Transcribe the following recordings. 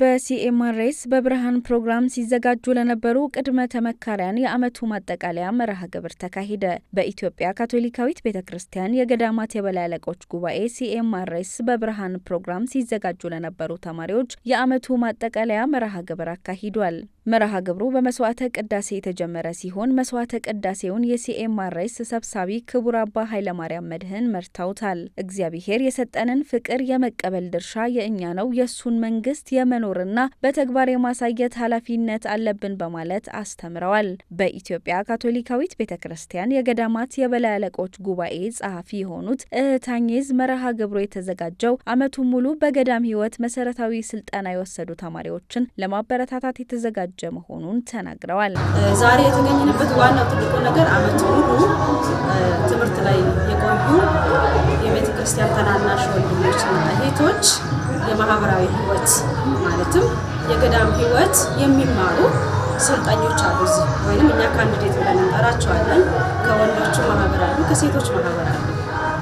በሲኤምአርኤስ በብርሃን ፕሮግራም ሲዘጋጁ ለነበሩ ቅድመ ተመካሪያን የዓመቱ ማጠቃለያ መርሃ ግብር ተካሄደ። በኢትዮጵያ ካቶሊካዊት ቤተ ክርስቲያን የገዳማት የበላይ አለቆች ጉባኤ ሲኤምአርኤስ በብርሃን ፕሮግራም ሲዘጋጁ ለነበሩ ተማሪዎች የዓመቱ ማጠቃለያ መርሃ ግብር አካሂዷል። መርሃ ግብሩ በመስዋዕተ ቅዳሴ የተጀመረ ሲሆን መስዋዕተ ቅዳሴውን የሲኤምአርኤስ ሰብሳቢ ክቡር አባ ኃይለማርያም መድህን መርተውታል። እግዚአብሔር የሰጠንን ፍቅር የመቀበል ድርሻ የእኛ ነው፣ የእሱን መንግስት የመኖ የማኖርና በተግባር የማሳየት ኃላፊነት አለብን በማለት አስተምረዋል። በኢትዮጵያ ካቶሊካዊት ቤተ ክርስቲያን የገዳማት የበላይ አለቆች ጉባኤ ጸሐፊ የሆኑት እህታኝዝ መርሃ ግብሩ የተዘጋጀው ዓመቱን ሙሉ በገዳም ሕይወት መሰረታዊ ስልጠና የወሰዱ ተማሪዎችን ለማበረታታት የተዘጋጀ መሆኑን ተናግረዋል። ዛሬ የተገኘንበት ዋናው ትልቁ ነገር ዓመቱ ሙሉ ትምህርት ላይ የቆዩ የቤተ ክርስቲያን ታናናሽ ወንድሞችና እህቶች የማህበራዊ ሕይወት ትምህርትም የገዳም ህይወት የሚማሩ ሰልጣኞች አሉ እዚህ ወይም እኛ ካንዲዴት ብለን እንጠራቸዋለን። ከወንዶቹ ማህበር አሉ፣ ከሴቶች ማህበር አሉ።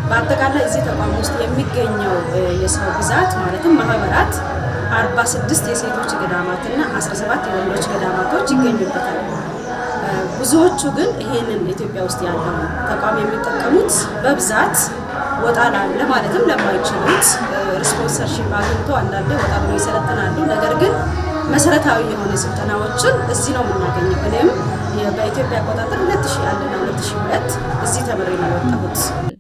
በአጠቃላይ እዚህ ተቋም ውስጥ የሚገኘው የሰው ብዛት ማለትም ማህበራት 46 የሴቶች ገዳማትና 17 የወንዶች ገዳማቶች ይገኙበታል። ብዙዎቹ ግን ይህንን ኢትዮጵያ ውስጥ ያለውን ተቋም የሚጠቀሙት በብዛት ወጣ ላለ ማለትም ለማይችሉት ስፖንሰርሺፕ አግኝቶ አንዳንዴ ወጣ ብሎ ይሰለጥናሉ። ነገር ግን መሰረታዊ የሆነ ስልጠናዎችን እዚህ ነው የምናገኘው። እኔም በኢትዮጵያ አቆጣጠር ሁለት ሺህ አንድ እና ሁለት ሺህ ሁለት እዚህ ተምሬ ነው የወጣሁት።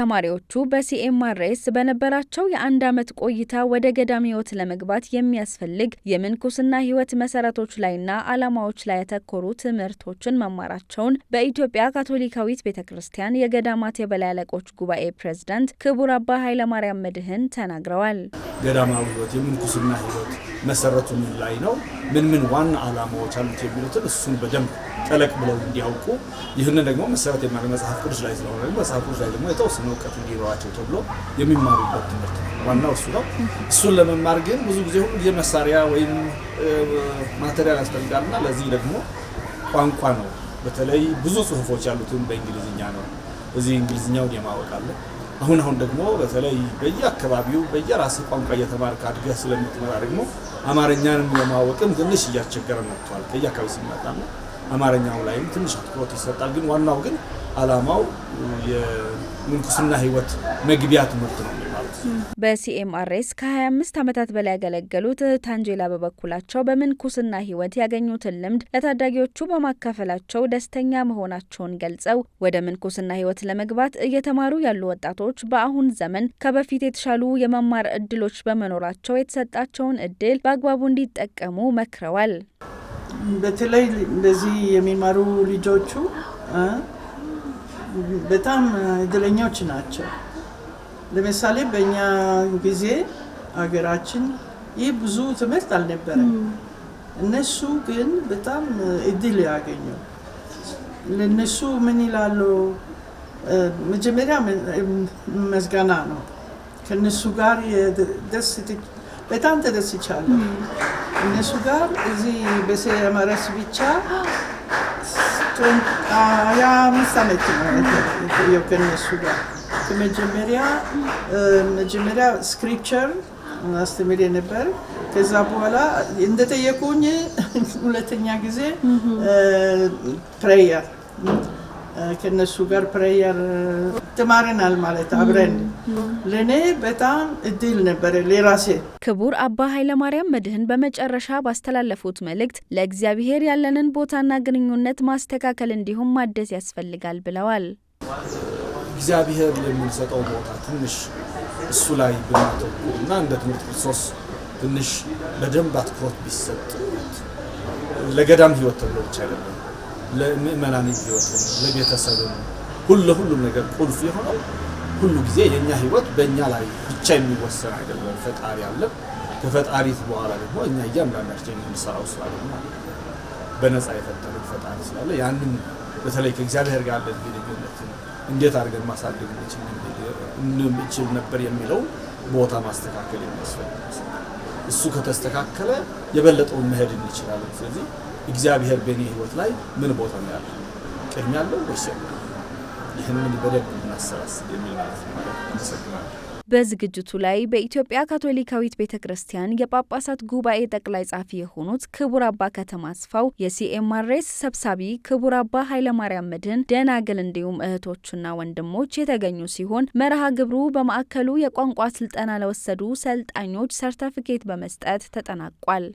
ተማሪዎቹ በሲኤምአርኤስ በነበራቸው የአንድ ዓመት ቆይታ ወደ ገዳም ህይወት ለመግባት የሚያስፈልግ የምንኩስና ህይወት መሰረቶች ላይና ዓላማዎች ላይ ያተኮሩ ትምህርቶችን መማራቸውን በኢትዮጵያ ካቶሊካዊት ቤተ ክርስቲያን የገዳማት የበላይ አለቆች ጉባኤ ፕሬዝዳንት ክቡር አባ ኃይለማርያም መድህን ተናግረዋል። ገዳማዊ ህይወት የምንኩስና ህይወት መሰረቱ ምን ላይ ነው፣ ምን ምን ዋና ዓላማዎች አሉት የሚሉትን እሱን በደንብ ጠለቅ ብለው እንዲያውቁ፣ ይህንን ደግሞ መሰረት የማድረግ መጽሐፍ ቅዱስ ላይ ስለሆነ መጽሐፍ ቅዱስ ላይ ደግሞ የተወሰነ እውቀት እንዲኖራቸው ተብሎ የሚማሩበት ትምህርት ነው። ዋናው እሱ ነው። እሱን ለመማር ግን ብዙ ጊዜ ሁሉ ጊዜ መሳሪያ ወይም ማቴሪያል ያስፈልጋልና ለዚህ ደግሞ ቋንቋ ነው። በተለይ ብዙ ጽሁፎች ያሉትን በእንግሊዝኛ ነው። እዚህ እንግሊዝኛውን የማወቅ አለ አሁን አሁን ደግሞ በተለይ በየአካባቢው በየራስ ቋንቋ እየተማርክ አድገህ ስለምትመራ ደግሞ አማርኛንም የማወቅም ትንሽ እያስቸገረ መጥቷል። ከየአካባቢ ሲመጣ ነው አማርኛው ላይም ትንሽ አትኩሮት ይሰጣል። ግን ዋናው ግን አላማው የምንኩስና ህይወት መግቢያ ትምህርት ነው። በሲኤምአርኤስ ከ25 ዓመታት በላይ ያገለገሉት ታንጄላ በበኩላቸው በምንኩስና ህይወት ያገኙትን ልምድ ለታዳጊዎቹ በማካፈላቸው ደስተኛ መሆናቸውን ገልጸው ወደ ምንኩስና ህይወት ለመግባት እየተማሩ ያሉ ወጣቶች በአሁን ዘመን ከበፊት የተሻሉ የመማር እድሎች በመኖራቸው የተሰጣቸውን እድል በአግባቡ እንዲጠቀሙ መክረዋል። በተለይ እንደዚህ የሚማሩ ልጆቹ በጣም እድለኞች ናቸው። ለምሳሌ በእኛ ጊዜ አገራችን ይህ ብዙ ትምህርት አልነበረም። እነሱ ግን በጣም እድል ያገኘው ለነሱ ምን ይላሉ? መጀመሪያ መዝጋና ነው። ከነሱ ጋር በጣም ተደስቻለሁ። እነሱ ጋር እዚህ በሰመረስ ብቻ ሀያ አምስት ዓመት ነው ከነሱ ጋር መጀመሪያ መጀመሪያ ስክሪፕቸር አስተምሬ ነበር። ከዛ በኋላ እንደጠየቁኝ ሁለተኛ ጊዜ ፕሬየር ከነሱ ጋር ፕሬየር ተማረናል ማለት አብረን። ለእኔ በጣም እድል ነበረ ለራሴ። ክቡር አባ ኃይለማርያም መድህን በመጨረሻ ባስተላለፉት መልእክት ለእግዚአብሔር ያለንን ቦታና ግንኙነት ማስተካከል እንዲሁም ማደስ ያስፈልጋል ብለዋል። እግዚአብሔር የምንሰጠው ቦታ ትንሽ እሱ ላይ ብናተኩር እና እንደ ትምህርት ክርስቶስ ትንሽ በደንብ አትኩሮት ቢሰጥ ለገዳም ህይወት ተብሎ ብቻ አይደለም፣ ለምእመናን ህይወት፣ ለቤተሰብ ሁሉ ሁሉም ነገር ቁልፍ የሆነው ሁሉ ጊዜ የእኛ ህይወት በእኛ ላይ ብቻ የሚወሰን አይደለም። ፈጣሪ አለ። ከፈጣሪት በኋላ ደግሞ እኛ እያንዳንዳችን የምንሰራው ስላለ በነፃ የፈጠረን ፈጣሪ ስላለ ያንን በተለይ ከእግዚአብሔር ጋር ያለን ግንኙነት እንዴት አድርገን ማሳደግ እንችል ነበር የሚለው ቦታ ማስተካከል የሚያስፈልግ እሱ ከተስተካከለ የበለጠውን መሄድ እንችላለን። ስለዚህ እግዚአብሔር በእኔ ህይወት ላይ ምን ቦታ ነው ያለ ቅድሚያ ያለው ወይስ ይህንን በደንብ እናሰላስል የሚል ማለት ነው። አመሰግናለሁ። በዝግጅቱ ላይ በኢትዮጵያ ካቶሊካዊት ቤተ ክርስቲያን የጳጳሳት ጉባኤ ጠቅላይ ጻፊ የሆኑት ክቡር አባ ከተማ አስፋው፣ የሲኤምአርኤስ ሰብሳቢ ክቡር አባ ኃይለማርያም መድህን ደናግል፣ እንዲሁም እህቶችና ወንድሞች የተገኙ ሲሆን መርሃ ግብሩ በማዕከሉ የቋንቋ ስልጠና ለወሰዱ ሰልጣኞች ሰርተፍኬት በመስጠት ተጠናቋል።